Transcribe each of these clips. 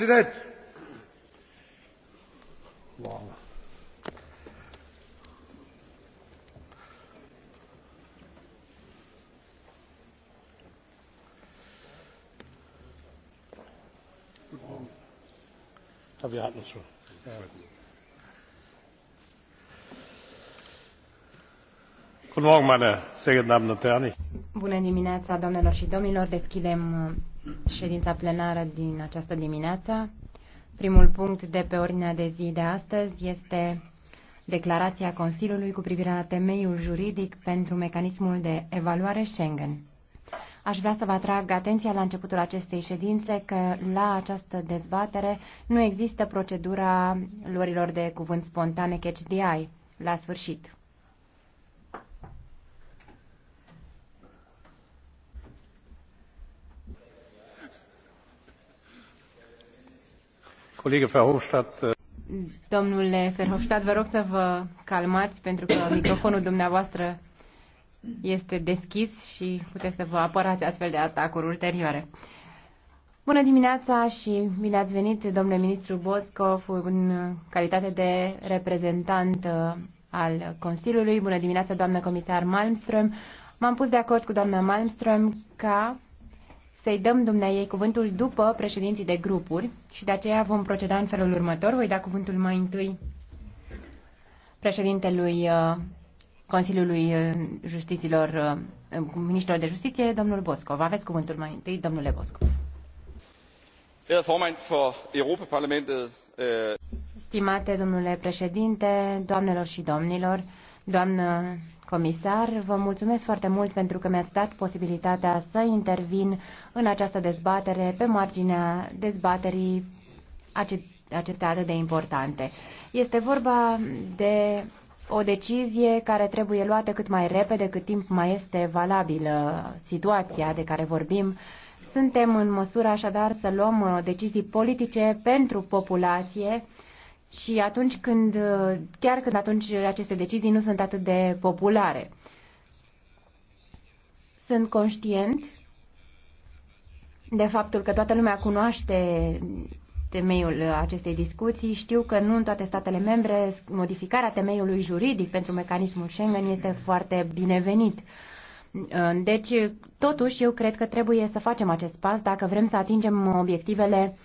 Bună Wow. Ja, și domnilor! Deschidem schon. Uh, ja. a Morgen, meine sehr Bună dimineața, și domnilor. Deschidem ședința plenară din această dimineață. Primul punct de pe ordinea de zi de astăzi este declarația Consiliului cu privire la temeiul juridic pentru mecanismul de evaluare Schengen. Aș vrea să vă atrag atenția la începutul acestei ședințe că la această dezbatere nu există procedura luărilor de cuvânt spontane catch the eye la sfârșit. Äh, domnule Verhofstadt, vă rog să vă calmați pentru că microfonul dumneavoastră este deschis și puteți să vă apărați astfel de atacuri ulterioare. Bună dimineața și bine ați venit, domnule ministru Boscov, în calitate de reprezentant uh, al Consiliului. Bună dimineața, doamnă comisar Malmström. M-am pus de acord cu doamna Malmström ca să-i dăm dumneai cuvântul după președinții de grupuri și de aceea vom proceda în felul următor. Voi da cuvântul mai întâi președintelui uh, Consiliului uh, Justiților, uh, ministrul de Justiție, domnul Boscov. Aveți cuvântul mai întâi, domnule Boscov. Øh. Stimate domnule președinte, doamnelor și domnilor, doamnă comisar, vă mulțumesc foarte mult pentru că mi-ați dat posibilitatea să intervin în această dezbatere pe marginea dezbaterii acestea atât de importante. Este vorba de o decizie care trebuie luată cât mai repede, cât timp mai este valabilă situația de care vorbim. Suntem în măsură așadar să luăm uh, decizii politice pentru populație și atunci când, chiar când atunci aceste decizii nu sunt atât de populare. Sunt conștient de faptul că toată lumea cunoaște temeiul acestei discuții. Știu că nu în toate statele membre modificarea temeiului juridic pentru mecanismul Schengen este foarte binevenit. Deci, totuși, eu cred că trebuie să facem acest pas dacă vrem să atingem obiectivele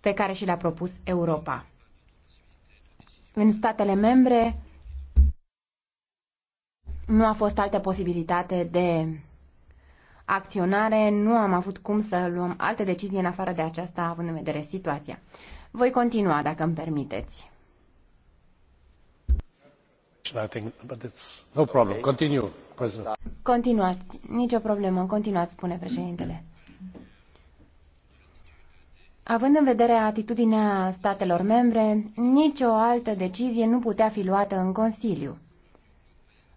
pe care și le-a propus Europa în statele membre nu a fost altă posibilitate de acționare, nu am avut cum să luăm alte decizii în afară de aceasta, având în vedere situația. Voi continua, dacă îmi permiteți. Continuați, nicio problemă, continuați, spune președintele. Având în vedere atitudinea statelor membre, nicio altă decizie nu putea fi luată în Consiliu.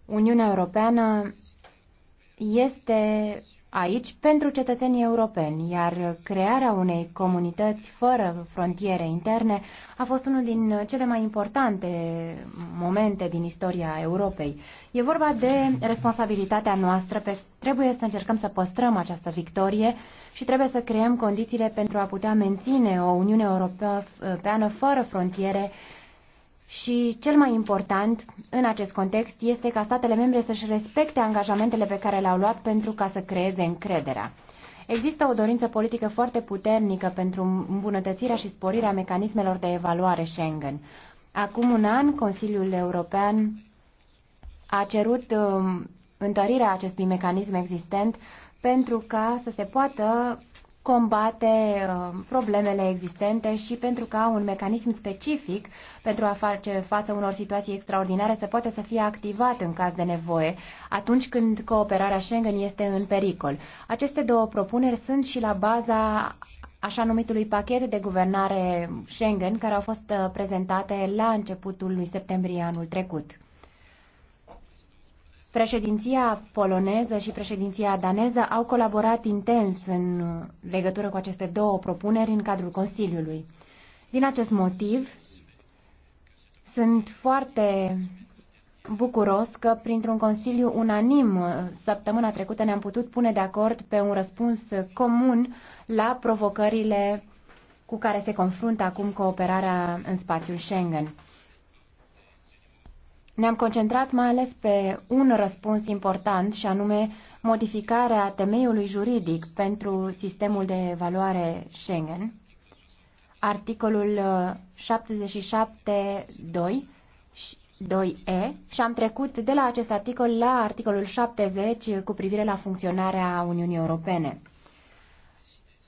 Uniunea Europeană este aici pentru cetățenii europeni, iar crearea unei comunități fără frontiere interne a fost unul din cele mai importante momente din istoria Europei. E vorba de responsabilitatea noastră pe trebuie să încercăm să păstrăm această victorie și trebuie să creăm condițiile pentru a putea menține o Uniune Europeană fără frontiere și cel mai important în acest context este ca statele membre să-și respecte angajamentele pe care le-au luat pentru ca să creeze încrederea. Există o dorință politică foarte puternică pentru îmbunătățirea și sporirea mecanismelor de evaluare Schengen. Acum un an, Consiliul European a cerut um, întărirea acestui mecanism existent pentru ca să se poată combate uh, problemele existente și pentru ca un mecanism specific pentru a face față unor situații extraordinare să poată să fie activat în caz de nevoie, atunci când cooperarea Schengen este în pericol. Aceste două propuneri sunt și la baza așa numitului pachet de guvernare Schengen, care au fost uh, prezentate la începutul lui septembrie anul trecut. Președinția poloneză și președinția daneză au colaborat intens în legătură cu aceste două propuneri în cadrul Consiliului. Din acest motiv, sunt foarte bucuros că printr-un consiliu unanim săptămâna trecută ne-am putut pune de acord pe un răspuns comun la provocările cu care se confruntă acum cooperarea în spațiul Schengen. Ne-am concentrat mai ales pe un răspuns important și anume modificarea temeiului juridic pentru sistemul de evaluare Schengen, articolul 77.2 uh, e și am trecut de la acest articol la articolul 70 cu privire la funcționarea Uniunii Europene.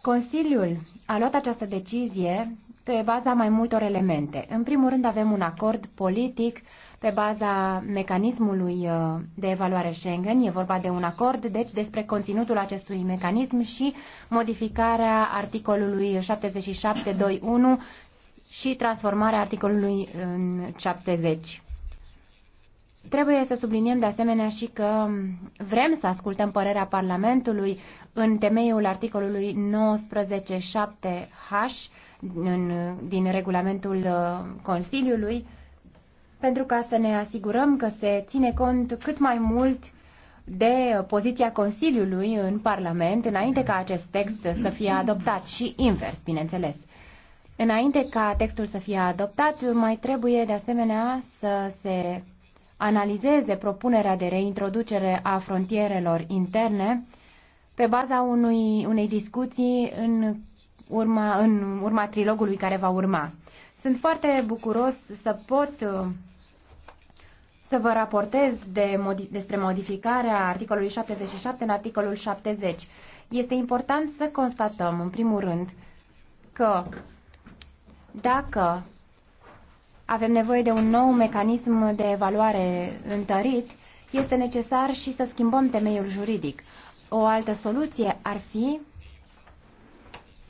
Consiliul a luat această decizie pe baza mai multor elemente. În primul rând avem un acord politic pe baza mecanismului uh, de evaluare Schengen. E vorba de un acord, deci, despre conținutul acestui mecanism și modificarea articolului 7721 și transformarea articolului în 70. Trebuie să subliniem de asemenea și că vrem să ascultăm părerea Parlamentului în temeiul articolului 19.7h din regulamentul uh, Consiliului pentru ca să ne asigurăm că se ține cont cât mai mult de poziția Consiliului în Parlament înainte ca acest text să fie adoptat și invers, bineînțeles. Înainte ca textul să fie adoptat, mai trebuie de asemenea să se analizeze propunerea de reintroducere a frontierelor interne pe baza unui, unei discuții în urma, în urma trilogului care va urma. Sunt foarte bucuros să pot uh, să vă raportez de modi- despre modificarea articolului 77 în articolul 70. Este important să constatăm, în primul rând, că dacă avem nevoie de un nou mecanism de evaluare întărit, este necesar și să schimbăm temeiul juridic. O altă soluție ar fi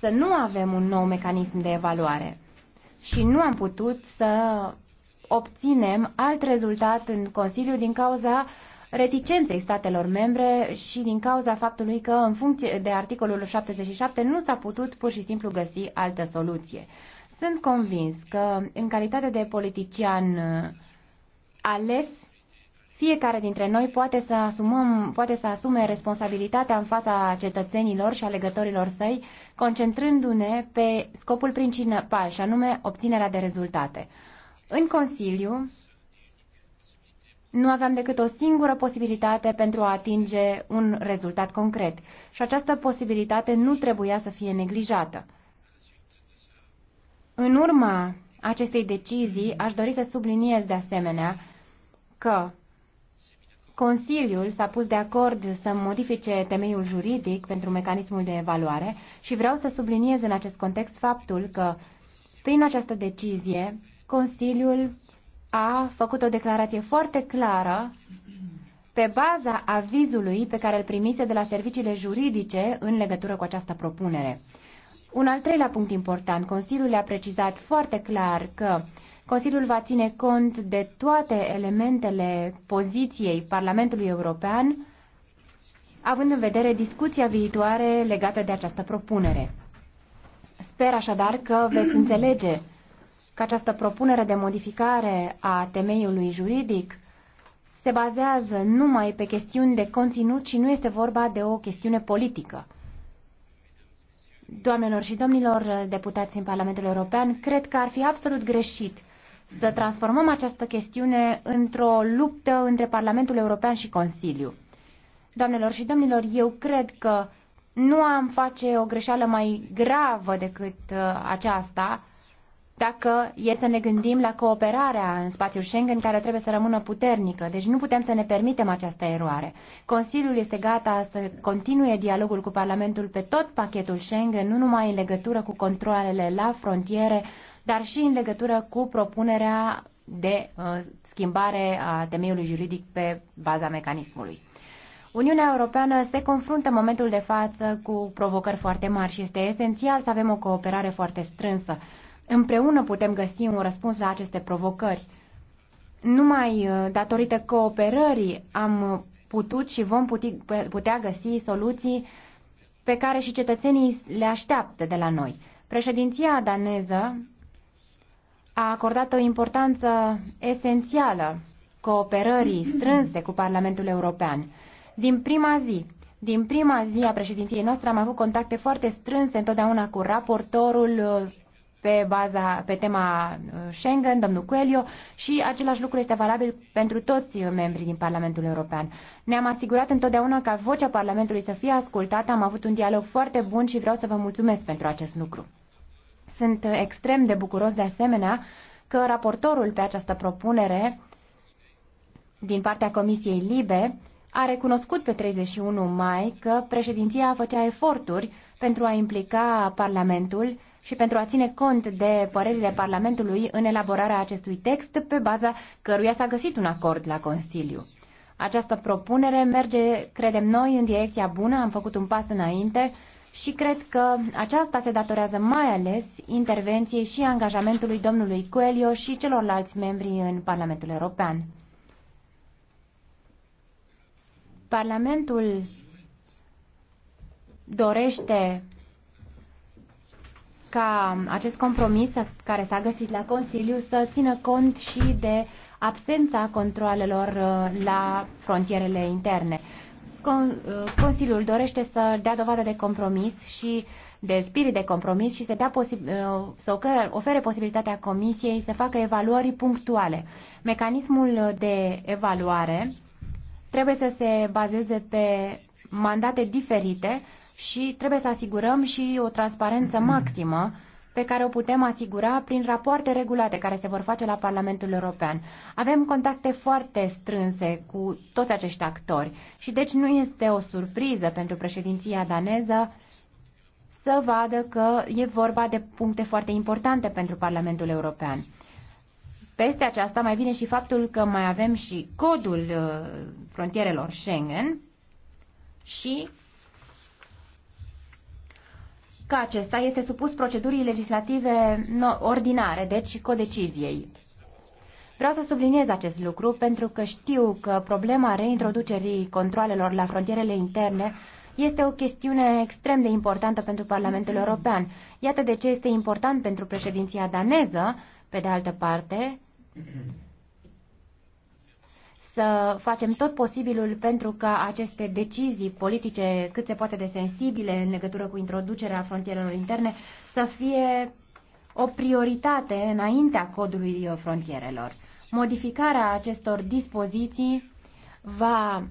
să nu avem un nou mecanism de evaluare. Și nu am putut să obținem alt rezultat în Consiliu din cauza reticenței statelor membre și din cauza faptului că în funcție de articolul 77 nu s-a putut pur și simplu găsi altă soluție. Sunt convins că în calitate de politician uh, ales fiecare dintre noi poate să, asumăm, poate să asume responsabilitatea în fața cetățenilor și alegătorilor săi, concentrându-ne pe scopul principal, și anume obținerea de rezultate. În Consiliu nu aveam decât o singură posibilitate pentru a atinge un rezultat concret și această posibilitate nu trebuia să fie neglijată. În urma acestei decizii, aș dori să subliniez de asemenea că Consiliul s-a pus de acord să modifice temeiul juridic pentru mecanismul de evaluare și vreau să subliniez în acest context faptul că, prin această decizie, Consiliul a făcut o declarație foarte clară pe baza avizului pe care îl primise de la serviciile juridice în legătură cu această propunere. Un al treilea punct important, Consiliul a precizat foarte clar că Consiliul va ține cont de toate elementele poziției Parlamentului European, având în vedere discuția viitoare legată de această propunere. Sper așadar că veți înțelege că această propunere de modificare a temeiului juridic se bazează numai pe chestiuni de conținut și nu este vorba de o chestiune politică. Doamnelor și domnilor deputați în Parlamentul European, cred că ar fi absolut greșit să transformăm această chestiune într-o luptă între Parlamentul European și Consiliu. Doamnelor și domnilor, eu cred că nu am face o greșeală mai gravă decât uh, aceasta dacă e să ne gândim la cooperarea în spațiul Schengen care trebuie să rămână puternică. Deci nu putem să ne permitem această eroare. Consiliul este gata să continue dialogul cu Parlamentul pe tot pachetul Schengen, nu numai în legătură cu controlele la frontiere, dar și în legătură cu propunerea de uh, schimbare a temeiului juridic pe baza mecanismului. Uniunea Europeană se confruntă în momentul de față cu provocări foarte mari și este esențial să avem o cooperare foarte strânsă. Împreună putem găsi un răspuns la aceste provocări. Numai uh, datorită cooperării am putut și vom putea găsi soluții pe care și cetățenii le așteaptă de la noi. Președinția daneză a acordat o importanță esențială cooperării strânse cu Parlamentul European. Din prima zi, din prima zi a președinției noastre am avut contacte foarte strânse întotdeauna cu raportorul uh, pe, baza, pe tema uh, Schengen, domnul Coelho, și același lucru este valabil pentru toți membrii din Parlamentul European. Ne-am asigurat întotdeauna ca vocea Parlamentului să fie ascultată, am avut un dialog foarte bun și vreau să vă mulțumesc pentru acest lucru. Sunt uh, extrem de bucuros de asemenea că raportorul pe această propunere din partea Comisiei Libe a recunoscut pe 31 mai că președinția făcea eforturi pentru a implica Parlamentul și pentru a ține cont de părerile Parlamentului în elaborarea acestui text, pe baza căruia s-a găsit un acord la Consiliu. Această propunere merge, credem noi, în direcția bună, am făcut un pas înainte și cred că aceasta se datorează mai ales intervenției și angajamentului domnului Coelho și celorlalți membri în Parlamentul European. Parlamentul dorește ca acest compromis care s-a găsit la Consiliu să țină cont și de absența controalelor uh, la frontierele interne. Uh, Consiliul dorește să dea dovadă de compromis și de spirit de compromis și să, dea uh, să ofere posibilitatea Comisiei să facă evaluări punctuale. Mecanismul de evaluare trebuie să se bazeze pe mandate diferite și trebuie să asigurăm și o transparență maximă pe care o putem asigura prin rapoarte regulate care se vor face la Parlamentul European. Avem contacte foarte strânse cu toți acești actori și deci nu este o surpriză pentru președinția daneză să vadă că e vorba de puncte foarte importante pentru Parlamentul European. Peste aceasta mai vine și faptul că mai avem și codul uh, frontierelor Schengen și că acesta este supus procedurii legislative ordinare, deci codeciziei. Vreau să subliniez acest lucru pentru că știu că problema reintroducerii controalelor la frontierele interne este o chestiune extrem de importantă pentru Parlamentul European. Iată de ce este important pentru președinția daneză, pe de altă parte, să facem tot posibilul pentru ca aceste decizii politice cât se poate de sensibile în legătură cu introducerea frontierelor interne să fie o prioritate înaintea codului uh, frontierelor. Modificarea acestor dispoziții va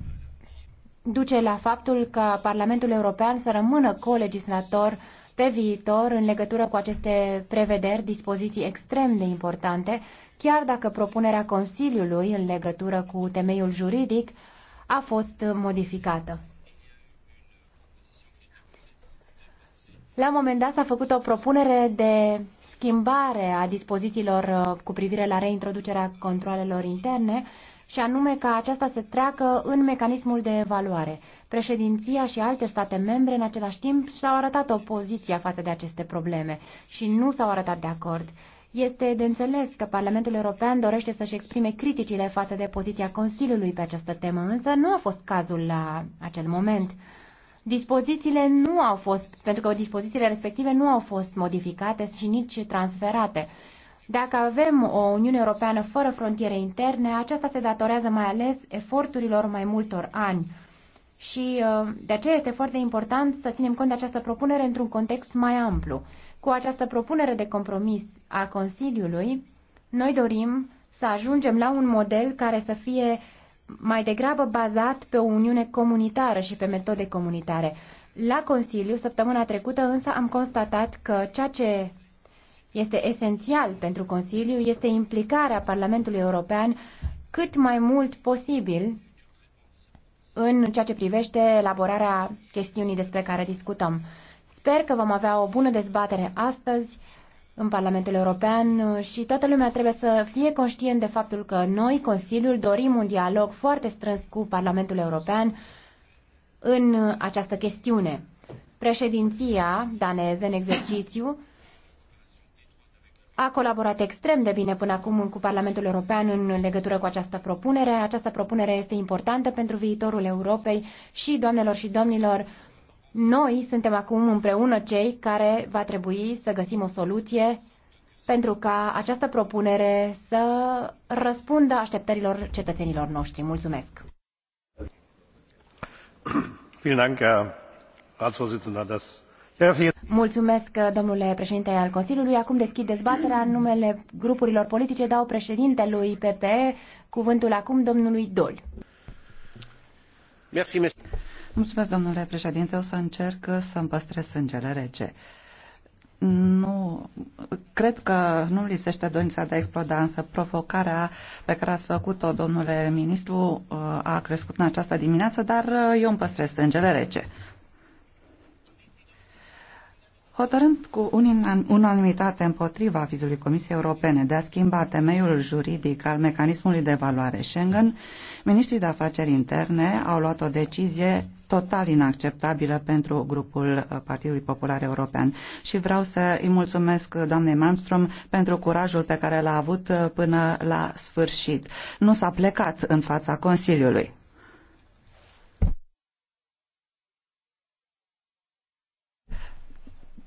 duce la faptul că Parlamentul European să rămână colegislator pe viitor în legătură cu aceste prevederi, dispoziții extrem de importante, chiar dacă propunerea Consiliului în legătură cu temeiul juridic a fost modificată. La un moment dat s-a făcut o propunere de schimbare a dispozițiilor uh, cu privire la reintroducerea controalelor interne, și anume ca aceasta să treacă în mecanismul de evaluare. Președinția și alte state membre în același timp și-au arătat opoziția față de aceste probleme și nu s-au arătat de acord. Este de înțeles că Parlamentul European dorește să-și exprime criticile față de poziția Consiliului pe această temă, însă nu a fost cazul la acel moment. Dispozițiile nu au fost, pentru că dispozițiile respective nu au fost modificate și nici transferate. Dacă avem o Uniune Europeană fără frontiere interne, aceasta se datorează mai ales eforturilor mai multor ani. Și uh, de aceea este foarte important să ținem cont de această propunere într-un context mai amplu. Cu această propunere de compromis a Consiliului, noi dorim să ajungem la un model care să fie mai degrabă bazat pe o uniune comunitară și pe metode comunitare. La Consiliu, săptămâna trecută, însă am constatat că ceea ce este esențial pentru Consiliu este implicarea Parlamentului European cât mai mult posibil în ceea ce privește elaborarea chestiunii despre care discutăm. Sper că vom avea o bună dezbatere astăzi în Parlamentul European și toată lumea trebuie să fie conștient de faptul că noi, Consiliul, dorim un dialog foarte strâns cu Parlamentul European în această chestiune. Președinția daneză în exercițiu a colaborat extrem de bine până acum cu Parlamentul European în legătură cu această propunere. Această propunere este importantă pentru viitorul Europei și, doamnelor și domnilor, noi suntem acum împreună cei care va trebui să găsim o soluție pentru ca această propunere să răspundă așteptărilor cetățenilor noștri. Mulțumesc! Vielen Dank, Herr Ratsvorsitzender. Das, ja, vielen Mulțumesc, domnule președinte al Consiliului. Acum deschid dezbaterea în numele grupurilor politice. Dau președintelui PPE cuvântul acum domnului Dol. Mulțumesc, domnule președinte. O să încerc să-mi păstrez sângele rece. Nu, cred că nu lipsește dorința de a exploda, însă provocarea pe care ați făcut-o, domnule ministru, a crescut în această dimineață, dar eu îmi păstrez sângele rece. Hotărând cu unanimitate împotriva avizului Comisiei Europene de a schimba temeiul juridic al mecanismului de evaluare Schengen, ministrii de afaceri interne au luat o decizie total inacceptabilă pentru grupul uh, Partidului Popular European. Și vreau să îi mulțumesc doamnei Malmström pentru curajul pe care l-a avut uh, până la sfârșit. Nu s-a plecat în fața Consiliului.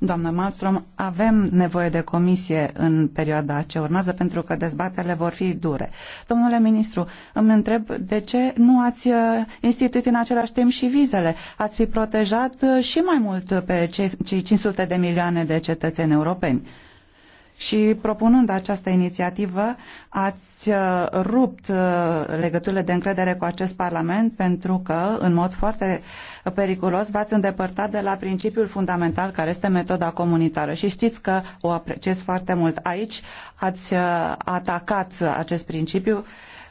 Doamna Malmström, avem nevoie de comisie în perioada ce urmează pentru că dezbatele vor fi dure. Domnule ministru, îmi întreb de ce nu ați uh, instituit în același timp și vizele? Ați fi protejat uh, și mai mult pe cei 500 de milioane de cetățeni europeni și propunând această inițiativă ați uh, rupt uh, legăturile de încredere cu acest Parlament pentru că, în mod foarte periculos, v-ați îndepărtat de la principiul fundamental care este metoda comunitară și știți că o apreciez foarte mult. Aici ați uh, atacat acest principiu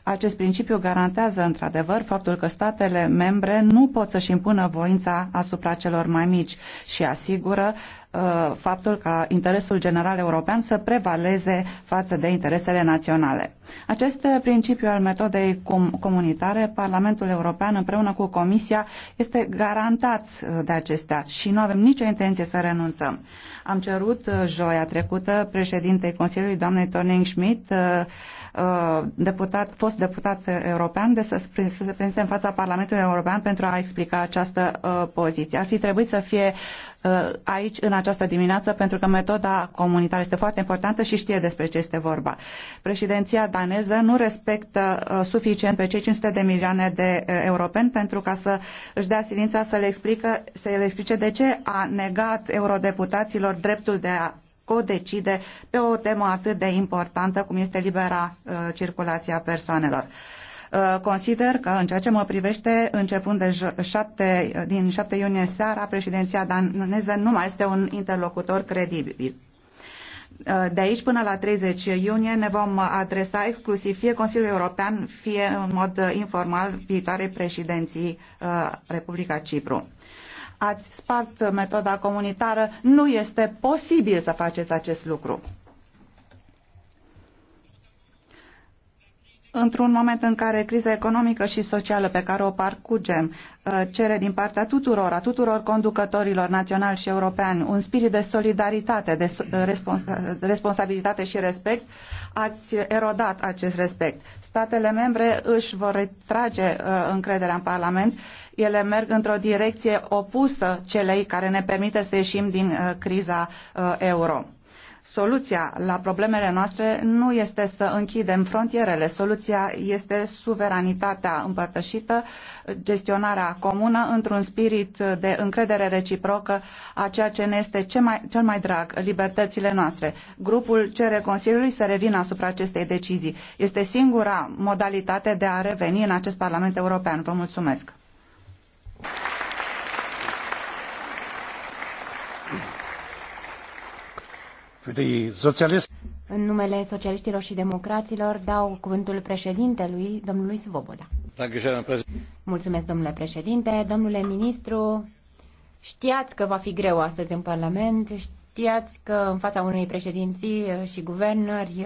acest principiu garantează într-adevăr faptul că statele membre nu pot să-și impună voința asupra celor mai mici și asigură Uh, faptul ca interesul general european să prevaleze față de interesele naționale. Acest principiu al metodei comunitare, Parlamentul European împreună cu Comisia este garantat uh, de acestea și nu avem nicio intenție să renunțăm. Am cerut uh, joia trecută președintei Consiliului, doamnei Torning Schmidt, deputat, fost deputat european, de să, să se prezinte în fața Parlamentului European pentru a explica această uh, poziție. Ar fi trebuit să fie Uh, aici în această dimineață pentru că metoda comunitară este foarte importantă și știe despre ce este vorba. Președinția daneză nu respectă uh, suficient pe cei 500 de milioane de uh, europeni pentru ca să își dea silința să le, explică, să le explice de ce a negat eurodeputaților dreptul de a codecide pe o temă atât de importantă cum este libera uh, circulație a persoanelor. Uh, Uh, consider că în ceea ce mă privește, începând de 7, din 7 iunie seara, președinția daneză nu mai este un interlocutor credibil. Uh, de aici până la 30 iunie ne vom adresa exclusiv fie Consiliul European, fie în mod informal viitoarei președinții uh, Republica Cipru. Ați spart metoda comunitară, nu este posibil să faceți acest lucru. într-un moment în care criza economică și socială pe care o parcurgem uh, cere din partea tuturor, a tuturor conducătorilor naționali și europeni, un spirit de solidaritate, de responsabilitate și respect, ați erodat acest respect. Statele membre își vor retrage uh, încrederea în Parlament, ele merg într-o direcție opusă celei care ne permite să ieșim din uh, criza euro. Soluția la problemele noastre nu este să închidem frontierele, soluția este suveranitatea împărtășită, gestionarea comună într-un spirit de încredere reciprocă a ceea ce ne este cel mai, cel mai drag, libertățile noastre. Grupul cere Consiliului să revină asupra acestei decizii. Este singura modalitate de a reveni în acest Parlament European. Vă mulțumesc! În numele socialiștilor și democraților dau cuvântul președintelui, domnului Svoboda. Mulțumesc, domnule președinte. Domnule ministru, știați că va fi greu astăzi în Parlament, știați că în fața unei președinții și guvernări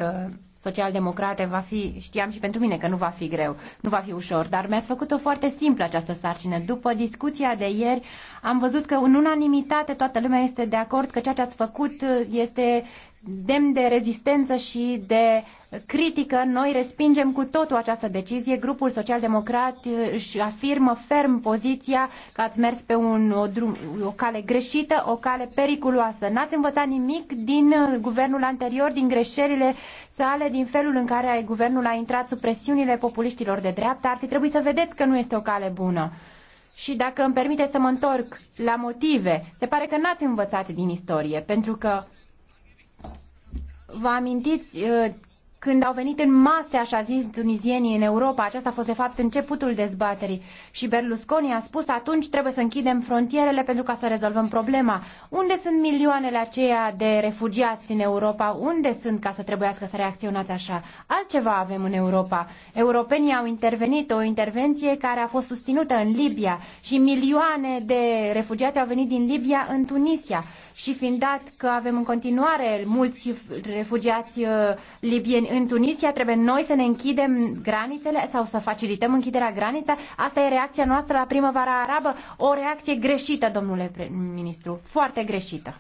social-democrate va fi, știam și pentru mine că nu va fi greu, nu va fi ușor, dar mi-ați făcut-o foarte simplă această sarcină. După discuția de ieri am văzut că în unanimitate toată lumea este de acord că ceea ce ați făcut este demn de rezistență și de critică, noi respingem cu totul această decizie. Grupul Social-Democrat uh, își afirmă ferm poziția că ați mers pe un, o, drum, o cale greșită, o cale periculoasă. N-ați învățat nimic din uh, guvernul anterior, din greșelile sale, din felul în care guvernul a intrat sub presiunile populiștilor de dreapta. Ar fi trebuit să vedeți că nu este o cale bună. Și dacă îmi permiteți să mă întorc la motive, se pare că n-ați învățat din istorie, pentru că Vă amintiți uh, când au venit în mase, așa zis, tunizienii în Europa. Aceasta a fost, de fapt, începutul dezbaterii. Și Berlusconi a spus atunci trebuie să închidem frontierele pentru ca să rezolvăm problema. Unde sunt milioanele aceia de refugiați în Europa? Unde sunt ca să trebuiască să reacționați așa? Altceva avem în Europa. Europenii au intervenit, o intervenție care a fost susținută în Libia și milioane de refugiați au venit din Libia în Tunisia. Și fiind dat că avem în continuare mulți refugiați uh, libieni în Tunisia trebuie noi să ne închidem granițele sau să facilităm închiderea graniței. Asta e reacția noastră la primăvara arabă. O reacție greșită, domnule ministru. Foarte greșită.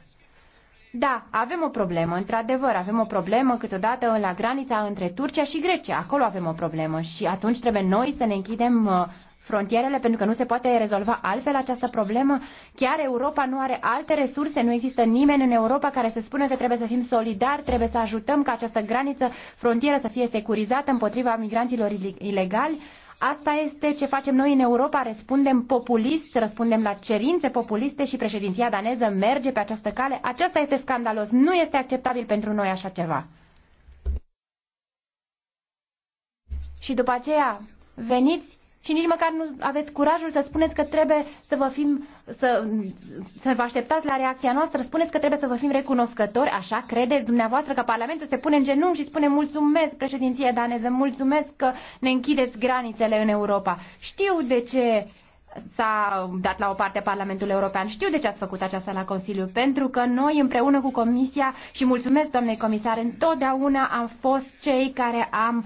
Da, avem o problemă, într-adevăr, avem o problemă câteodată la granița între Turcia și Grecia. Acolo avem o problemă și atunci trebuie noi să ne închidem uh, frontierele, pentru că nu se poate rezolva altfel această problemă? Chiar Europa nu are alte resurse, nu există nimeni în Europa care să spună că trebuie să fim solidari, trebuie să ajutăm ca această graniță frontieră să fie securizată împotriva migranților ilegali? Asta este ce facem noi în Europa, răspundem populist, răspundem la cerințe populiste și președinția daneză merge pe această cale. Aceasta este scandalos, nu este acceptabil pentru noi așa ceva. Și după aceea, veniți și nici măcar nu aveți curajul să spuneți că trebuie să vă fim, să, să vă așteptați la reacția noastră, spuneți că trebuie să vă fim recunoscători, așa credeți dumneavoastră că Parlamentul se pune în genunchi și spune mulțumesc președinție daneză, mulțumesc că ne închideți granițele în Europa. Știu de ce s-a dat la o parte Parlamentul European. Știu de ce ați făcut aceasta la Consiliu, pentru că noi împreună cu Comisia și mulțumesc doamnei comisar, întotdeauna am fost cei care am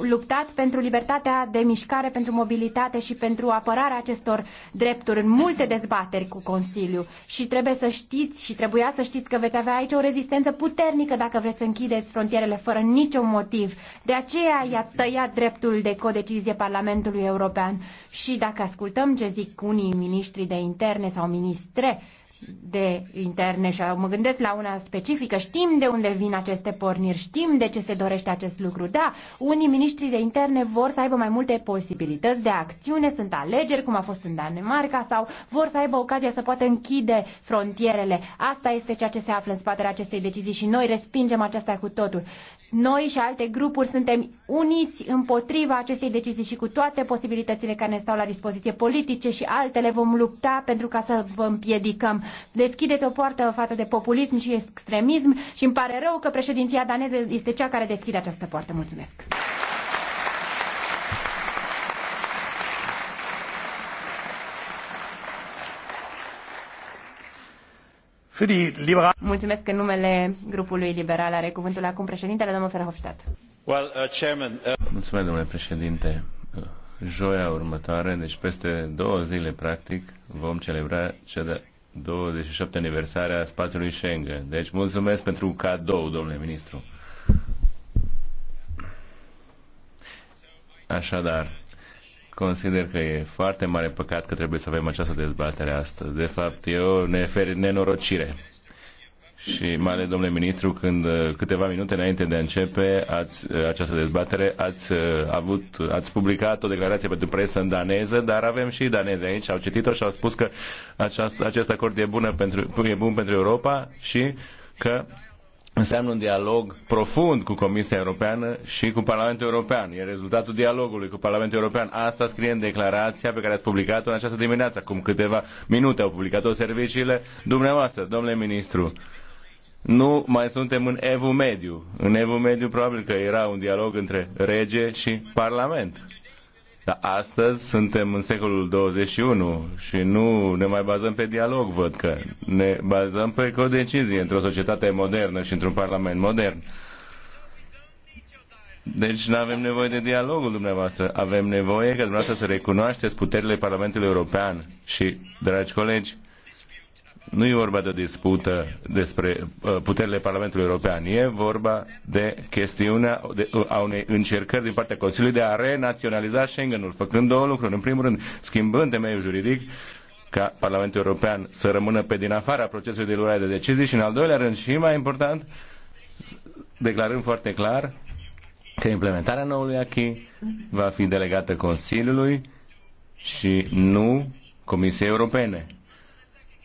luptat pentru libertatea de mișcare, pentru mobilitate și pentru apărarea acestor drepturi în multe dezbateri cu Consiliu. Și trebuie să știți și trebuia să știți că veți avea aici o rezistență puternică dacă vreți să închideți frontierele fără niciun motiv. De aceea i-ați tăiat dreptul de codecizie Parlamentului European. Și dacă ascultăm ce zic unii miniștri de interne sau ministre de interne și mă gândesc la una specifică, știm de unde vin aceste porniri, știm de ce se dorește acest lucru. Da, unii miniștri de interne vor să aibă mai multe posibilități de acțiune, sunt alegeri, cum a fost în Danemarca, sau vor să aibă ocazia să poată închide frontierele. Asta este ceea ce se află în spatele acestei decizii și noi respingem aceasta cu totul noi și alte grupuri suntem uniți împotriva acestei decizii și cu toate posibilitățile care ne stau la dispoziție politice și altele vom lupta pentru ca să vă împiedicăm. Deschideți o poartă față de populism și extremism și îmi pare rău că președinția daneză este cea care deschide această poartă. Mulțumesc! Mulțumesc în numele grupului liberal are cuvântul acum președintele, domnul Ferhofstadt. Well, uh, chairman, uh... Mulțumesc, domnule președinte. Uh, joia următoare, deci peste două zile, practic, vom celebra cea de 27 aniversare a spațiului Schengen. Deci mulțumesc pentru cadou, domnule ministru. Așadar, Consider că e foarte mare păcat că trebuie să avem această dezbatere astăzi. De fapt, e o nenorocire. Și mai ales, domnule ministru, când uh, câteva minute înainte de a începe ați, uh, această dezbatere, ați, uh, avut, ați publicat o declarație pentru presă în daneză, dar avem și daneze aici, au citit-o și au spus că aceast, acest acord e, bună pentru, e bun pentru Europa și că înseamnă un dialog profund cu Comisia Europeană și cu Parlamentul European. E rezultatul dialogului cu Parlamentul European. Asta scrie în declarația pe care ați publicat-o în această dimineață. Acum câteva minute au publicat-o serviciile dumneavoastră, domnule ministru. Nu mai suntem în evul mediu. În evul mediu probabil că era un dialog între rege și parlament. Dar astăzi suntem în secolul 21 și nu ne mai bazăm pe dialog, văd că ne bazăm pe o decizie într-o societate modernă și într-un parlament modern. Deci nu avem nevoie de dialogul dumneavoastră. Avem nevoie ca dumneavoastră să recunoașteți puterile Parlamentului European. Și, dragi colegi, nu e vorba de o dispută despre uh, puterile Parlamentului European, e vorba de chestiunea de, a unei încercări din partea Consiliului de a renaționaliza Schengenul, făcând două lucruri. În primul rând, schimbând temeiul juridic ca Parlamentul European să rămână pe din afara procesului de luare de decizii și, în al doilea rând, și mai important, declarând foarte clar că implementarea noului acquis va fi delegată Consiliului și nu Comisiei Europene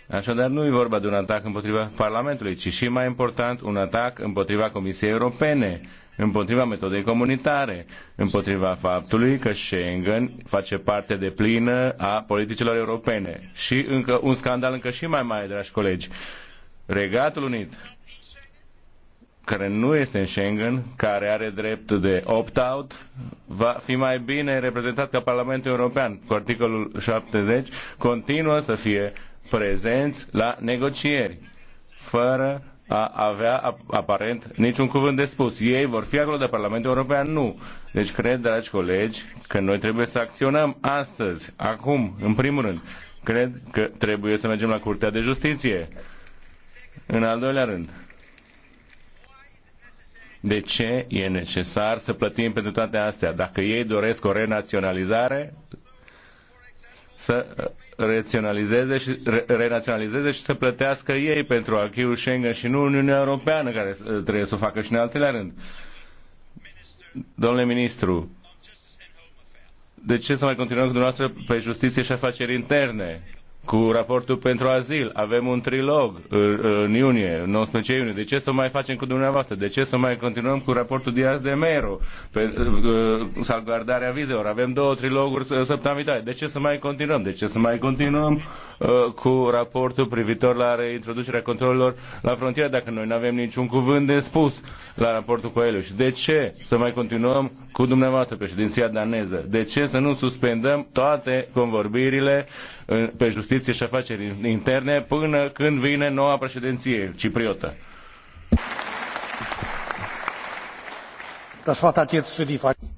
Așadar, nu e vorba de un atac împotriva Parlamentului, ci și mai important, un atac împotriva Comisiei Europene, împotriva metodei comunitare, împotriva faptului că Schengen face parte de plină a politicilor europene. Și încă un scandal încă și mai mare, dragi colegi. Regatul Unit, care nu este în Schengen, care are drept de opt-out, va fi mai bine reprezentat ca Parlamentul European. Cu articolul 70 continuă să fie prezenți la negocieri, fără a avea aparent niciun cuvânt de spus. Ei vor fi acolo de Parlamentul European? Nu. Deci cred, dragi colegi, că noi trebuie să acționăm astăzi, acum, în primul rând. Cred că trebuie să mergem la Curtea de Justiție. În al doilea rând, de ce e necesar să plătim pentru toate astea? Dacă ei doresc o renaționalizare, să reționalizeze și renaționalizeze și să plătească ei pentru acquis Schengen și nu Uniunea Europeană care uh, trebuie să o facă și în altele rând. Domnule ministru, de ce să mai continuăm cu dumneavoastră pe justiție și afaceri interne? Cu raportul pentru azil avem un trilog uh, uh, în iunie, 19 iunie. De ce să mai facem cu dumneavoastră? De ce să mai continuăm cu raportul Diaz de Mero? Pe, uh, salvgardarea vizelor. Avem două triloguri săptămâna viitoare. De ce să mai continuăm? De ce să mai continuăm cu raportul privitor la reintroducerea controlelor la frontieră dacă noi nu avem niciun cuvânt de spus la raportul cu ele? Și de ce să mai continuăm cu dumneavoastră, președinția daneză? De ce să nu suspendăm toate convorbirile pe justiție și afaceri interne până când vine noua președinție cipriotă.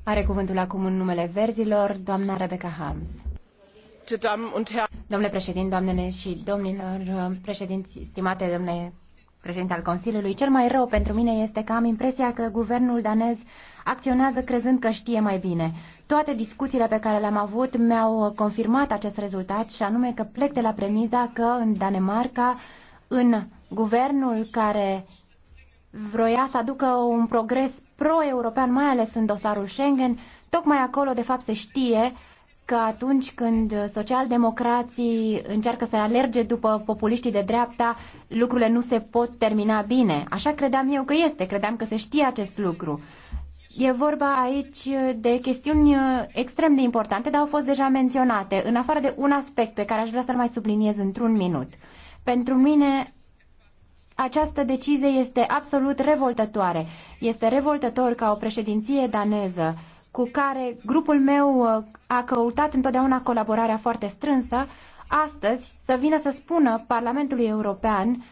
Are cuvântul acum în numele verzilor doamna Rebecca Harms. Domnule președinte, doamnele și domnilor președinți, stimate domnule președinte al Consiliului, cel mai rău pentru mine este că am impresia că guvernul danez acționează crezând că știe mai bine. Toate discuțiile pe care le-am avut mi-au confirmat acest rezultat și anume că plec de la premiza că în Danemarca, în guvernul care vroia să aducă un progres pro-european, mai ales în dosarul Schengen, tocmai acolo de fapt se știe că atunci când socialdemocrații încearcă să alerge după populiștii de dreapta, lucrurile nu se pot termina bine. Așa credeam eu că este, credeam că se știe acest lucru. E vorba aici uh, de chestiuni uh, extrem de importante, dar au fost deja menționate, în afară de un aspect pe care aș vrea să-l mai subliniez într-un minut. Pentru mine, această decizie este absolut revoltătoare. Este revoltător ca o președinție daneză cu care grupul meu uh, a căutat întotdeauna colaborarea foarte strânsă, astăzi să vină să spună Parlamentului European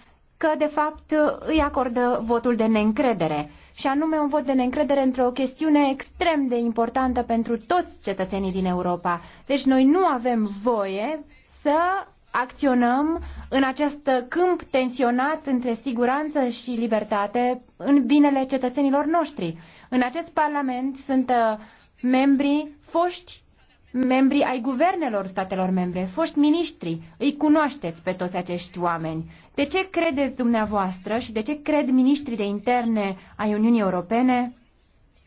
că, de fapt, îi acordă votul de neîncredere. Și anume un vot de neîncredere într-o chestiune extrem de importantă pentru toți cetățenii din Europa. Deci noi nu avem voie să acționăm în acest câmp tensionat între siguranță și libertate în binele cetățenilor noștri. În acest Parlament sunt uh, membri foști membri ai guvernelor statelor membre, foști miniștri, îi cunoașteți pe toți acești oameni. De ce credeți dumneavoastră și de ce cred ministrii de interne ai Uniunii Europene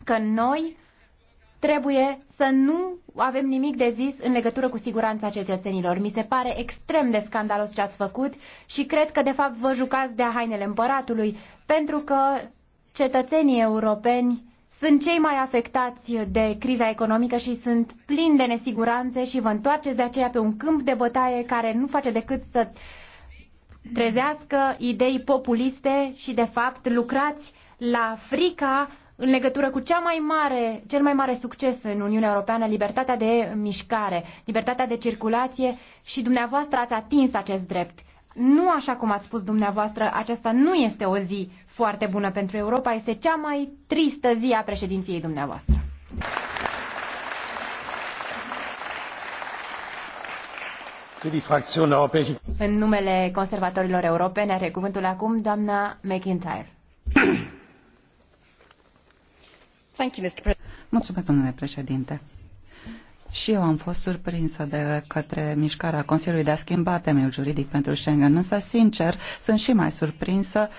că noi trebuie să nu avem nimic de zis în legătură cu siguranța cetățenilor. Mi se pare extrem de scandalos ce ați făcut și cred că de fapt vă jucați de hainele împăratului, pentru că cetățenii europeni sunt cei mai afectați de criza economică și sunt plini de nesiguranțe și vă întoarceți de aceea pe un câmp de bătaie care nu face decât să trezească idei populiste și, de fapt, lucrați la frica în legătură cu cea mai mare, cel mai mare succes în Uniunea Europeană, libertatea de mișcare, libertatea de circulație și dumneavoastră ați atins acest drept. Nu așa cum ați spus dumneavoastră, aceasta nu este o zi foarte bună pentru Europa, este cea mai tristă zi a președinției dumneavoastră. În numele conservatorilor europeni are cuvântul acum doamna McIntyre. Mulțumesc, domnule președinte. Și eu am fost surprinsă de către mișcarea Consiliului de a schimba temeiul juridic pentru Schengen, însă, sincer, sunt și mai surprinsă uh,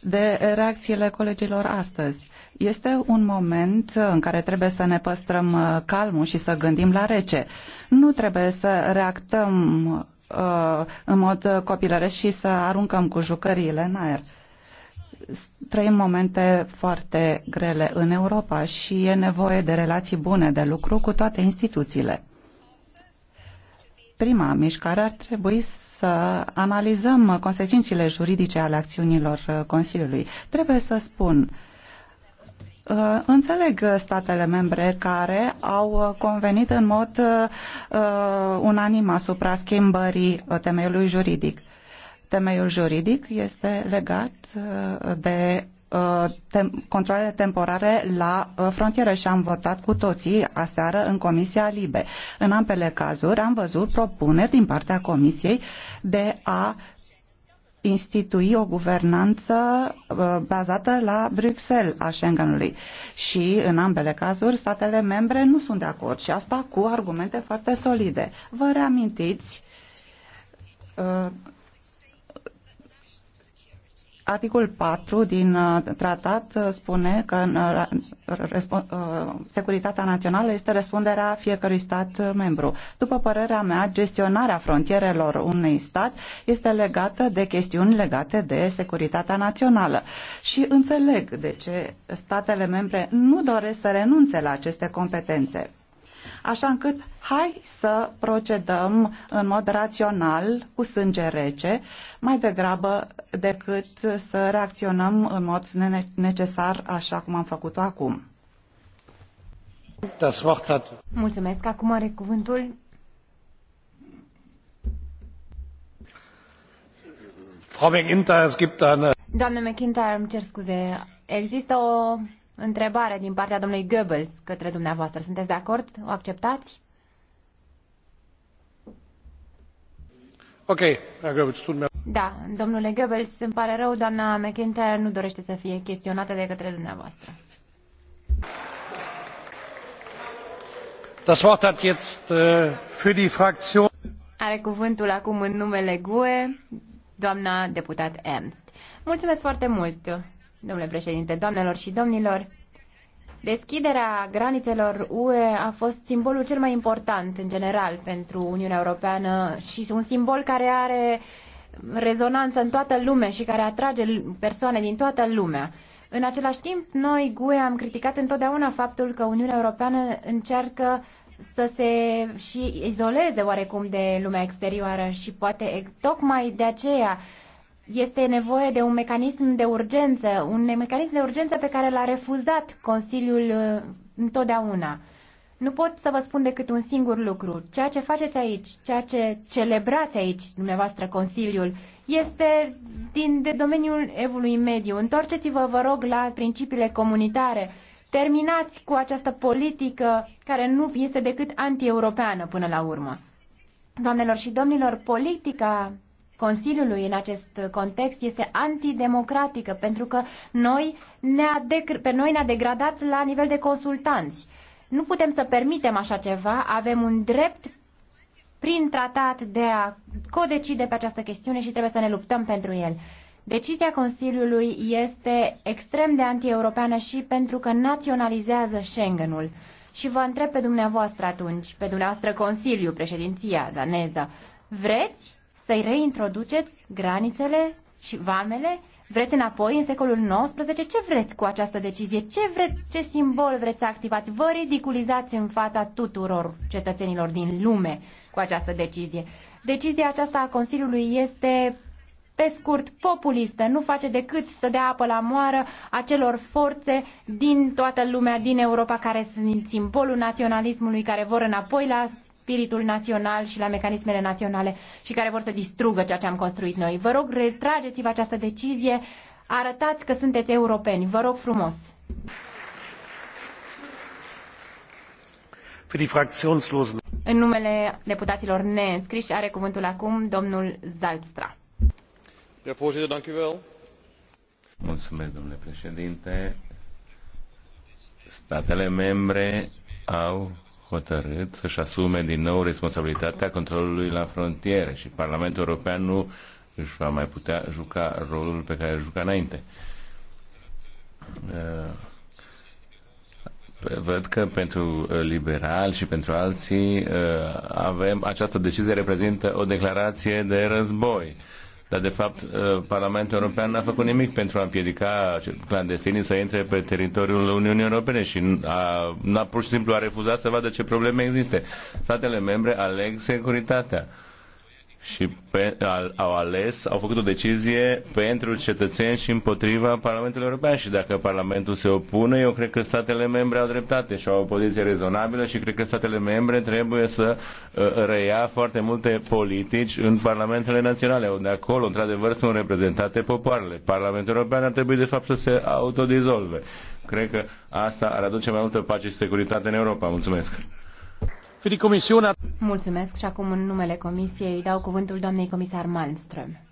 de reacțiile colegilor astăzi. Este un moment în care trebuie să ne păstrăm uh, calmul și să gândim la rece. Nu trebuie să reactăm uh, în mod copilăresc și să aruncăm cu jucăriile în aer. Trăim momente foarte grele în Europa și e nevoie de relații bune de lucru cu toate instituțiile. Prima mișcare ar trebui să să analizăm consecințele juridice ale acțiunilor uh, Consiliului. Trebuie să spun, uh, Înțeleg statele membre care au uh, convenit în mod unanim asupra schimbării temeiului juridic. Temeiul juridic este legat de Uh, tem controlele temporare la uh, frontieră și am votat cu toții aseară în Comisia Libe. În ambele cazuri am văzut propuneri din partea Comisiei de a institui o guvernanță uh, bazată la Bruxelles a Schengenului. Și în ambele cazuri statele membre nu sunt de acord și asta cu argumente foarte solide. Vă reamintiți Articolul 4 din uh, tratat uh, spune că uh, securitatea națională este răspunderea fiecărui stat membru. După părerea mea, gestionarea frontierelor unui stat este legată de chestiuni legate de securitatea națională. Și înțeleg de ce statele membre nu doresc să renunțe la aceste competențe așa încât hai să procedăm în mod rațional, cu sânge rece, mai degrabă decât să reacționăm în mod necesar așa cum am făcut-o acum. Mulțumesc. Acum are cuvântul Doamnă McIntyre, îmi cer scuze. Există o întrebare din partea domnului Goebbels către dumneavoastră. Sunteți de acord? O acceptați? Ok, Goebbels, tu Da, domnule Goebbels, îmi pare rău, doamna McIntyre nu dorește să fie chestionată de către dumneavoastră. Das Wort hat jetzt uh, für die Fraktion. Are cuvântul acum în numele GUE, doamna deputat Ernst. Mulțumesc foarte mult. Domnule președinte, doamnelor și domnilor, deschiderea granițelor UE a fost simbolul cel mai important în general pentru Uniunea Europeană și un simbol care are rezonanță în toată lumea și care atrage persoane din toată lumea. În același timp, noi, GUE, am criticat întotdeauna faptul că Uniunea Europeană încearcă să se și izoleze oarecum de lumea exterioară și poate tocmai de aceea este nevoie de un mecanism de urgență, un mecanism de urgență pe care l-a refuzat Consiliul uh, întotdeauna. Nu pot să vă spun decât un singur lucru. Ceea ce faceți aici, ceea ce celebrați aici, dumneavoastră, Consiliul, este din de domeniul evului mediu. Întorceți-vă, vă rog, la principiile comunitare. Terminați cu această politică care nu este decât antieuropeană până la urmă. Doamnelor și domnilor, politica Consiliului în acest context este antidemocratică, pentru că noi ne-a pe noi ne-a degradat la nivel de consultanți. Nu putem să permitem așa ceva, avem un drept prin tratat de a codecide pe această chestiune și trebuie să ne luptăm pentru el. Decizia Consiliului este extrem de antieuropeană și pentru că naționalizează Schengenul. Și vă întreb pe dumneavoastră atunci, pe dumneavoastră Consiliu, președinția daneză, vreți să-i reintroduceți granițele și vamele? Vreți înapoi în secolul XIX? Ce vreți cu această decizie? Ce, vreți, ce simbol vreți să activați? Vă ridiculizați în fața tuturor cetățenilor din lume cu această decizie. Decizia aceasta a Consiliului este pe scurt, populistă, nu face decât să dea apă la moară acelor forțe din toată lumea, din Europa, care sunt simbolul naționalismului, care vor înapoi la spiritul național și la mecanismele naționale și care vor să distrugă ceea ce am construit noi. Vă rog, retrageți-vă această decizie, arătați că sunteți europeni. Vă rog frumos! În numele deputaților neînscriși are cuvântul acum domnul Zalstra. Mulțumesc, domnule președinte. Statele membre au hotărât să-și asume din nou responsabilitatea controlului la frontiere și Parlamentul European nu își va mai putea juca rolul pe care îl juca înainte. Uh, văd că pentru liberal și pentru alții uh, avem această decizie reprezintă o declarație de război dar, de fapt, uh, Parlamentul European n-a făcut nimic pentru a împiedica clandestinii să intre pe teritoriul Uniunii Europene și a, n-a pur și simplu a refuzat să vadă ce probleme există. Statele membre aleg securitatea și pe, al, au ales, au făcut o decizie pentru cetățeni și împotriva Parlamentului European și dacă Parlamentul se opune, eu cred că statele membre au dreptate și au o poziție rezonabilă și cred că statele membre trebuie să uh, reia foarte multe politici în Parlamentele Naționale, unde acolo, într-adevăr, sunt reprezentate popoarele. Parlamentul European ar trebui, de fapt, să se autodizolve. Cred că asta ar aduce mai multă pace și securitate în Europa. Mulțumesc! Mulțumesc și acum în numele Comisiei dau cuvântul doamnei comisar Malmström.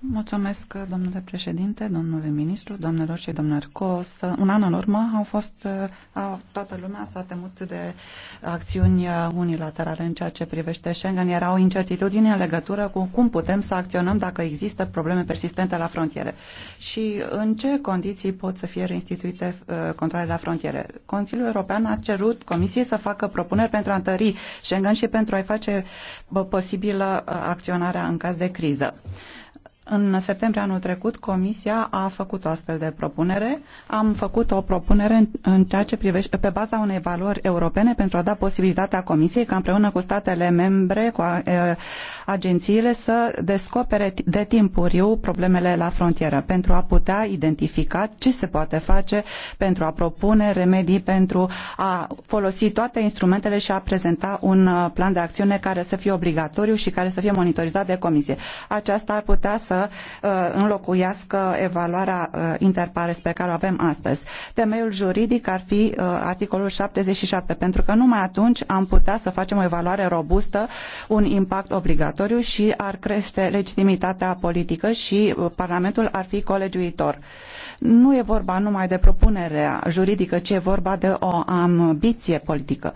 Mulțumesc, domnule președinte, domnule și domnilor. un an în urmă au fost, toată lumea s-a temut de acțiuni unilaterale în ceea ce privește Schengen. Era o incertitudine în legătură cu cum putem să acționăm dacă există probleme persistente la frontiere și în ce condiții pot să fie reinstituite uh, controlele la frontiere. Consiliul European a cerut Comisiei să facă propuneri pentru a întări Schengen și pentru a-i face posibilă uh, acționarea în caz de criză criză. În septembrie anul trecut, Comisia a făcut o astfel de propunere. Am făcut o propunere în ceea ce privește, pe baza unei valori europene pentru a da posibilitatea Comisiei ca împreună cu statele membre, cu agențiile, să descopere de timpuriu problemele la frontieră pentru a putea identifica ce se poate face pentru a propune remedii, pentru a folosi toate instrumentele și a prezenta un uh, plan de acțiune care să fie obligatoriu și care să fie monitorizat de Comisie. Aceasta ar putea să să uh, înlocuiască evaluarea uh, interpares pe care o avem astăzi. Temeiul juridic ar fi uh, articolul 77, pentru că numai atunci am putea să facem o evaluare robustă, un impact obligatoriu și ar crește legitimitatea politică și Parlamentul ar fi colegiuitor. Nu e vorba numai de propunerea juridică, ci e vorba de o ambiție politică.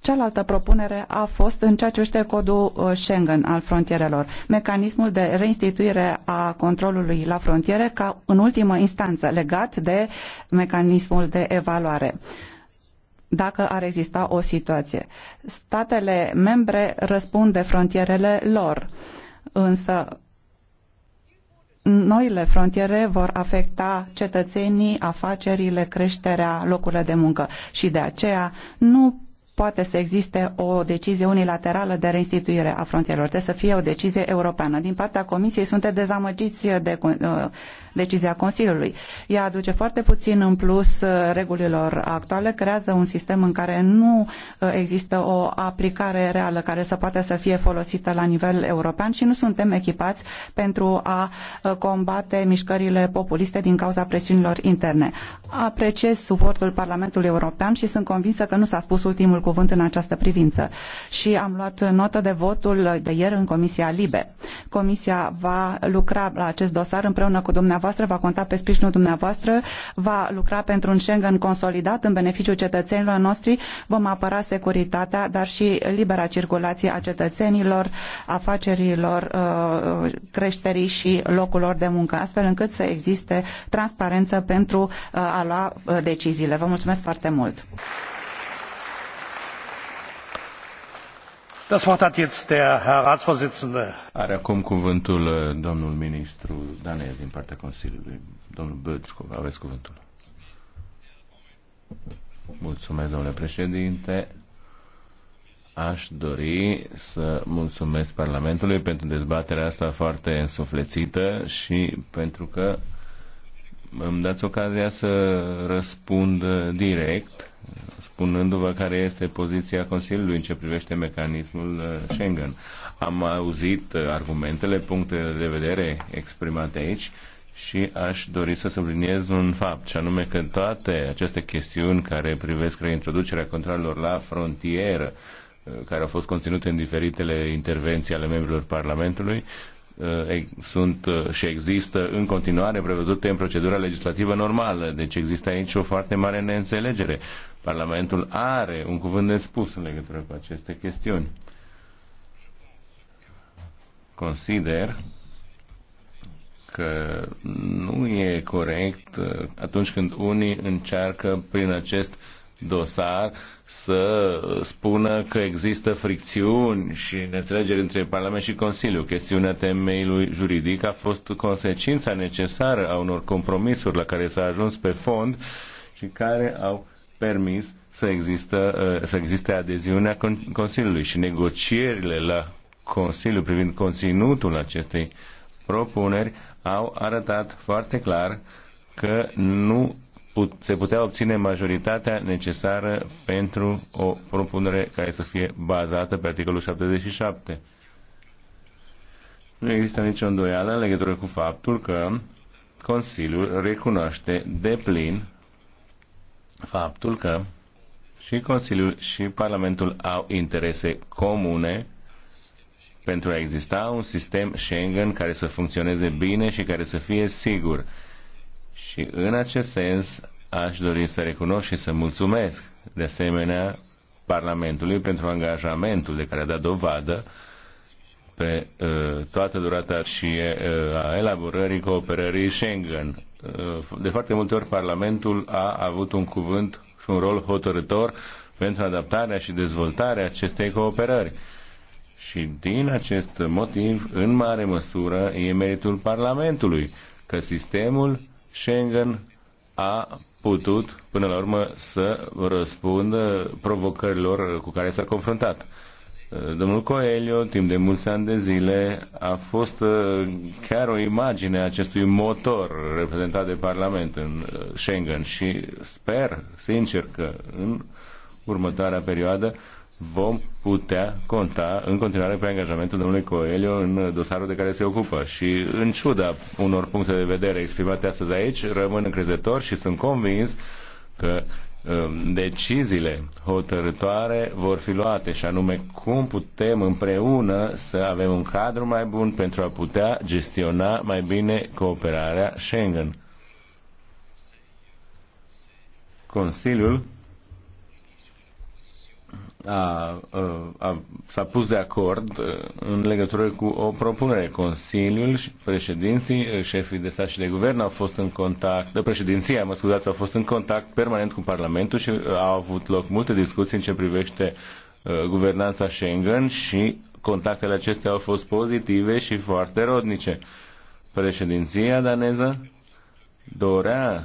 Cealaltă propunere a fost în ceea ce este codul uh, Schengen al frontierelor, mecanismul de reinstituire a controlului la frontiere ca în ultimă instanță legat de mecanismul de evaluare dacă ar exista o situație. Statele membre răspund de frontierele lor, însă noile frontiere vor afecta cetățenii, afacerile, creșterea, locurile de muncă și de aceea nu poate să existe o decizie unilaterală de reinstituire a frontierelor. Trebuie să fie o decizie europeană. Din partea Comisiei suntem dezamăgiți de uh, decizia Consiliului. Ea aduce foarte puțin în plus uh, regulilor actuale, creează un sistem în care nu uh, există o aplicare reală care să poată să fie folosită la nivel european și nu suntem echipați pentru a combate mișcările populiste din cauza presiunilor interne. Apreciez suportul Parlamentului European și sunt convinsă că nu s-a spus ultimul cuvânt în această privință și am luat notă de votul de ieri în Comisia Libe. Comisia va lucra la acest dosar împreună cu dumneavoastră, va conta pe sprijinul dumneavoastră, va lucra pentru un Schengen consolidat în beneficiul cetățenilor noștri, vom apăra securitatea, dar și libera circulație a cetățenilor, afacerilor, uh, creșterii și locurilor de muncă, astfel încât să existe transparență pentru uh, a lua uh, deciziile. Vă mulțumesc foarte mult! Das Wort hat jetzt Are acum cuvântul uh, domnul ministru Daniel din partea Consiliului. Domnul Bățcov, aveți cuvântul. Mulțumesc, domnule președinte. Aș dori să mulțumesc Parlamentului pentru dezbaterea asta foarte însuflețită și pentru că îmi dați ocazia să răspund uh, direct, spunându-vă care este poziția Consiliului în ce privește mecanismul uh, Schengen. Am auzit uh, argumentele, punctele de vedere exprimate aici și aș dori să subliniez un fapt, și anume că toate aceste chestiuni care privesc reintroducerea controlelor la frontieră, care au fost conținute în diferitele intervenții ale membrilor Parlamentului, Uh, sunt uh, și există în continuare prevăzute în procedura legislativă normală. Deci există aici o foarte mare neînțelegere. Parlamentul are un cuvânt de spus în legătură cu aceste chestiuni. Consider că nu e corect uh, atunci când unii încearcă prin acest uh, dosar să spună că există fricțiuni și netregeri între Parlament și Consiliu. Chestiunea temeiului juridic a fost consecința necesară a unor compromisuri la care s-a ajuns pe fond și care au permis să, există, uh, să existe adeziunea Consiliului și negocierile la Consiliu privind conținutul acestei propuneri au arătat foarte clar că nu put, se putea obține majoritatea necesară pentru o propunere care să fie bazată pe articolul 77. Nu există nicio îndoială în legătură cu faptul că Consiliul recunoaște de plin faptul că și Consiliul și Parlamentul au interese comune pentru a exista un sistem Schengen care să funcționeze bine și care să fie sigur. Și în acest sens aș dori să recunosc și să mulțumesc de asemenea Parlamentului pentru angajamentul de care a dat dovadă pe uh, toată durata și uh, a elaborării cooperării Schengen. Uh, de foarte multe ori Parlamentul a avut un cuvânt și un rol hotărător pentru adaptarea și dezvoltarea acestei cooperări. Și din acest motiv, în mare măsură, e meritul Parlamentului că sistemul Schengen a putut, până la urmă, să răspundă provocărilor cu care s-a confruntat. Domnul Coelho, timp de mulți ani de zile, a fost uh, chiar o imagine a acestui motor reprezentat de Parlament în uh, Schengen și sper, sincer, că în următoarea perioadă vom putea conta în continuare pe angajamentul domnului Coelho în dosarul de care se ocupă și în ciuda unor puncte de vedere exprimate astăzi aici, rămân încrezător și sunt convins că um, deciziile hotărătoare vor fi luate și anume cum putem împreună să avem un cadru mai bun pentru a putea gestiona mai bine cooperarea Schengen. Consiliul a, a, s-a pus de acord uh, în legătură cu o propunere. Consiliul și președinții, uh, șefii de stat și de guvern au fost în contact, de președinția, mă scuzați, au fost în contact permanent cu Parlamentul și uh, au avut loc multe discuții în ce privește guvernanța Schengen și contactele acestea au fost pozitive și foarte rodnice. Președinția daneză dorea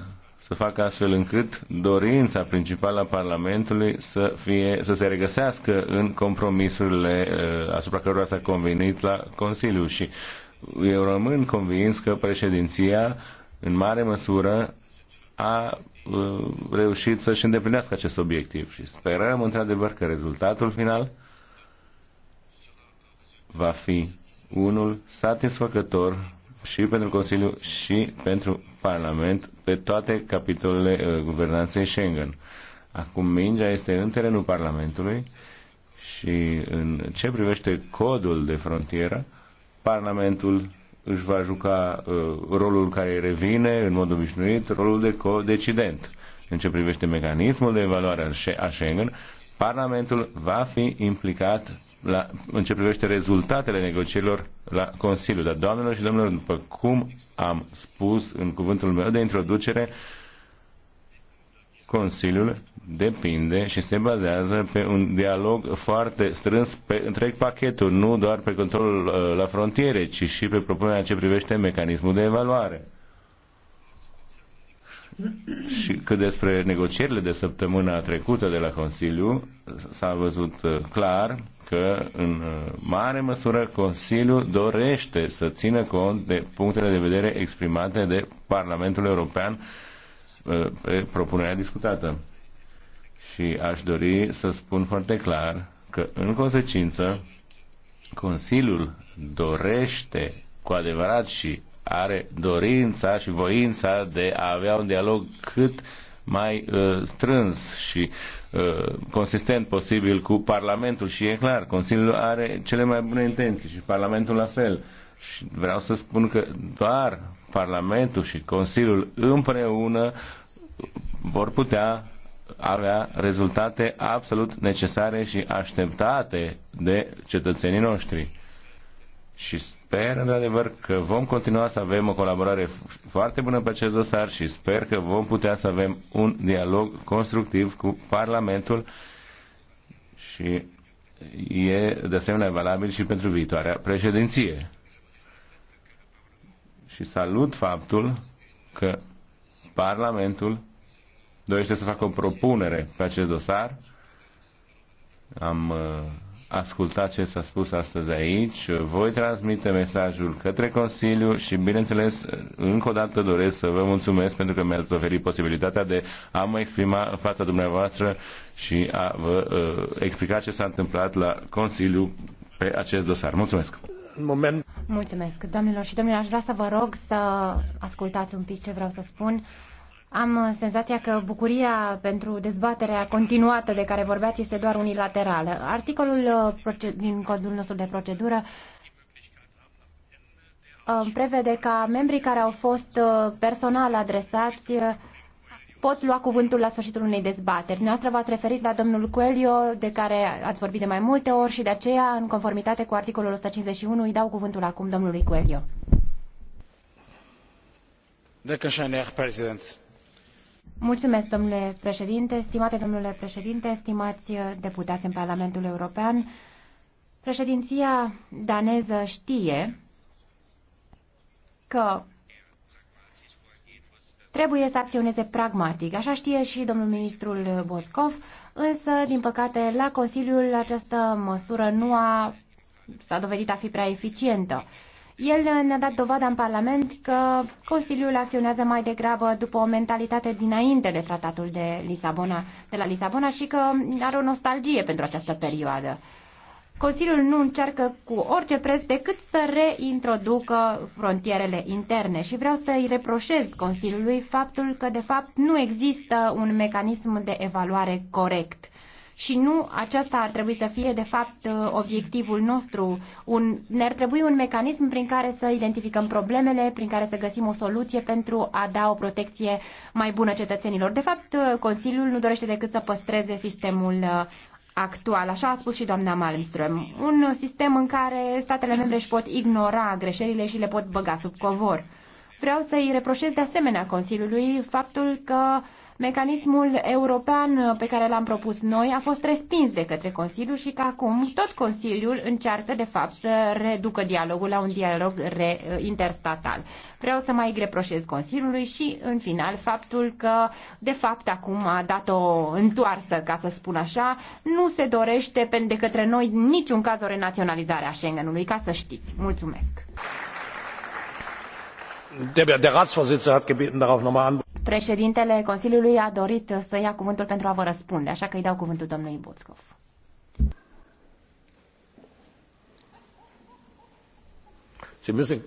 să facă astfel încât dorința principală a Parlamentului să, fie, să se regăsească în compromisurile uh, asupra cărora s-a convenit la Consiliu. Și eu rămân convins că președinția, în mare măsură, a uh, reușit să-și îndeplinească acest obiectiv și sperăm într-adevăr că rezultatul final va fi unul satisfăcător și pentru Consiliu și pentru Parlament pe toate capitolele uh, guvernanței Schengen. Acum mingea este în terenul Parlamentului și în ce privește codul de frontieră, Parlamentul își va juca uh, rolul care revine în mod obișnuit, rolul de co-decident. În ce privește mecanismul de evaluare a Schengen, Parlamentul va fi implicat la, în ce privește rezultatele negocierilor la Consiliu. Dar, doamnelor și domnilor, după cum am spus în cuvântul meu de introducere, Consiliul depinde și se bazează pe un dialog foarte strâns pe întreg pachetul, nu doar pe controlul uh, la frontiere, ci și pe propunerea ce privește mecanismul de evaluare. Și că despre negocierile de săptămâna trecută de la Consiliu s-a văzut uh, clar că în uh, mare măsură Consiliul dorește să țină cont de punctele de vedere exprimate de Parlamentul European uh, pe propunerea discutată. Și aș dori să spun foarte clar că, în consecință, Consiliul dorește cu adevărat și are dorința și voința de a avea un dialog cât mai uh, strâns și uh, consistent posibil cu Parlamentul și e clar, Consiliul are cele mai bune intenții și Parlamentul la fel. Și vreau să spun că doar Parlamentul și Consiliul împreună vor putea avea rezultate absolut necesare și așteptate de cetățenii noștri și sper într-adevăr că vom continua să avem o colaborare foarte bună pe acest dosar și sper că vom putea să avem un dialog constructiv cu Parlamentul și e de asemenea valabil și pentru viitoarea președinție. Și salut faptul că Parlamentul dorește să facă o propunere pe acest dosar. Am uh, ascultat ce s-a spus astăzi aici. Voi transmite mesajul către Consiliu și, bineînțeles, încă o dată doresc să vă mulțumesc pentru că mi-ați oferit posibilitatea de a mă exprima în fața dumneavoastră și a vă uh, explica ce s-a întâmplat la Consiliu pe acest dosar. Mulțumesc! Moment. Mulțumesc, domnilor și domnilor. Aș vrea să vă rog să ascultați un pic ce vreau să spun. Am uh, senzația că bucuria pentru dezbaterea continuată de care vorbeați este doar unilaterală. Articolul uh, din codul nostru de procedură uh, prevede ca membrii care au fost personal adresați pot lua cuvântul la sfârșitul unei dezbateri. Noastră v-ați referit la domnul Coelho, de care ați vorbit de mai multe ori și de aceea, în conformitate cu articolul 151, îi dau cuvântul acum domnului Coelho. Dankeschön, Herr Präsident. Mulțumesc, domnule președinte, stimate domnule președinte, stimați uh, deputați în Parlamentul European. Președinția daneză știe că trebuie să acționeze pragmatic. Așa știe și domnul ministrul Boscov, însă, din păcate, la Consiliul această măsură nu a, s-a dovedit a fi prea eficientă. El ne-a dat dovada în Parlament că Consiliul acționează mai degrabă după o mentalitate dinainte de tratatul de, Lisabona, de la Lisabona și că are o nostalgie pentru această perioadă. Consiliul nu încearcă cu orice preț decât să reintroducă frontierele interne și vreau să-i reproșez Consiliului faptul că, de fapt, nu există un mecanism de evaluare corect și nu acesta ar trebui să fie, de fapt, uh, obiectivul nostru. Un, ne-ar trebui un mecanism prin care să identificăm problemele, prin care să găsim o soluție pentru a da o protecție mai bună cetățenilor. De fapt, uh, Consiliul nu dorește decât să păstreze sistemul uh, actual, așa a spus și doamna Malmström, un sistem în care statele membre își pot ignora greșelile și le pot băga sub covor. Vreau să-i reproșez de asemenea Consiliului faptul că uh, Mecanismul european uh, pe care l-am propus noi a fost respins de către Consiliu și că acum tot Consiliul încearcă de fapt să reducă dialogul la un dialog re- uh, interstatal. Vreau să mai greproșez Consiliului și în final faptul că de fapt acum a dat o întoarsă, ca să spun așa, nu se dorește de către noi niciun caz o renaționalizare a Schengenului, ca să știți. Mulțumesc! Der, der Ratsvorsitzende hat gebeten, darauf nochmal an. Președintele Consiliului a dorit să ia cuvântul pentru a vă răspunde, așa că îi dau cuvântul domnului Buțcov. Sie müssen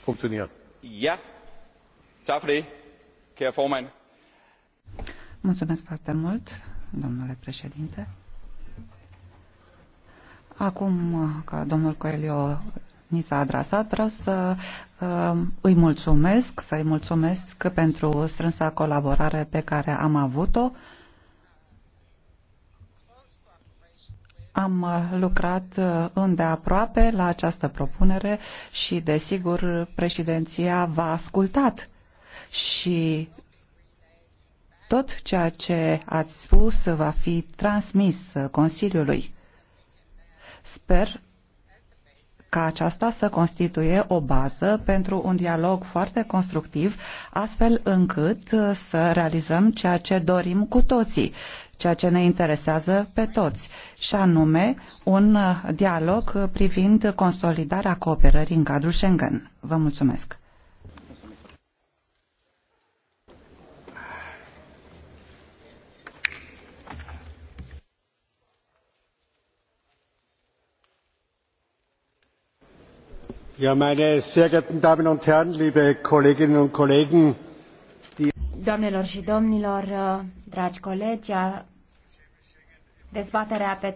Funcționează. Ja, tak for det, kære Mulțumesc foarte mult, domnule președinte. Acum că domnul Coelho ni s-a adresat, vreau să uh, îi mulțumesc, să îi mulțumesc pentru strânsa colaborare pe care am avut-o. Am uh, lucrat uh, îndeaproape la această propunere și, desigur, președinția v-a ascultat și tot ceea ce ați spus va fi transmis Consiliului. Sper ca aceasta să constituie o bază pentru un dialog foarte constructiv, astfel încât uh, să realizăm ceea ce dorim cu toții, ceea ce ne interesează pe toți, și anume un uh, dialog privind consolidarea cooperării în cadrul Schengen. Vă mulțumesc! meine sehr geehrten Damen und Herren, liebe Kolleginnen und Kollegen, die Doamnelor și domnilor, dragi colegi, dezbaterea pe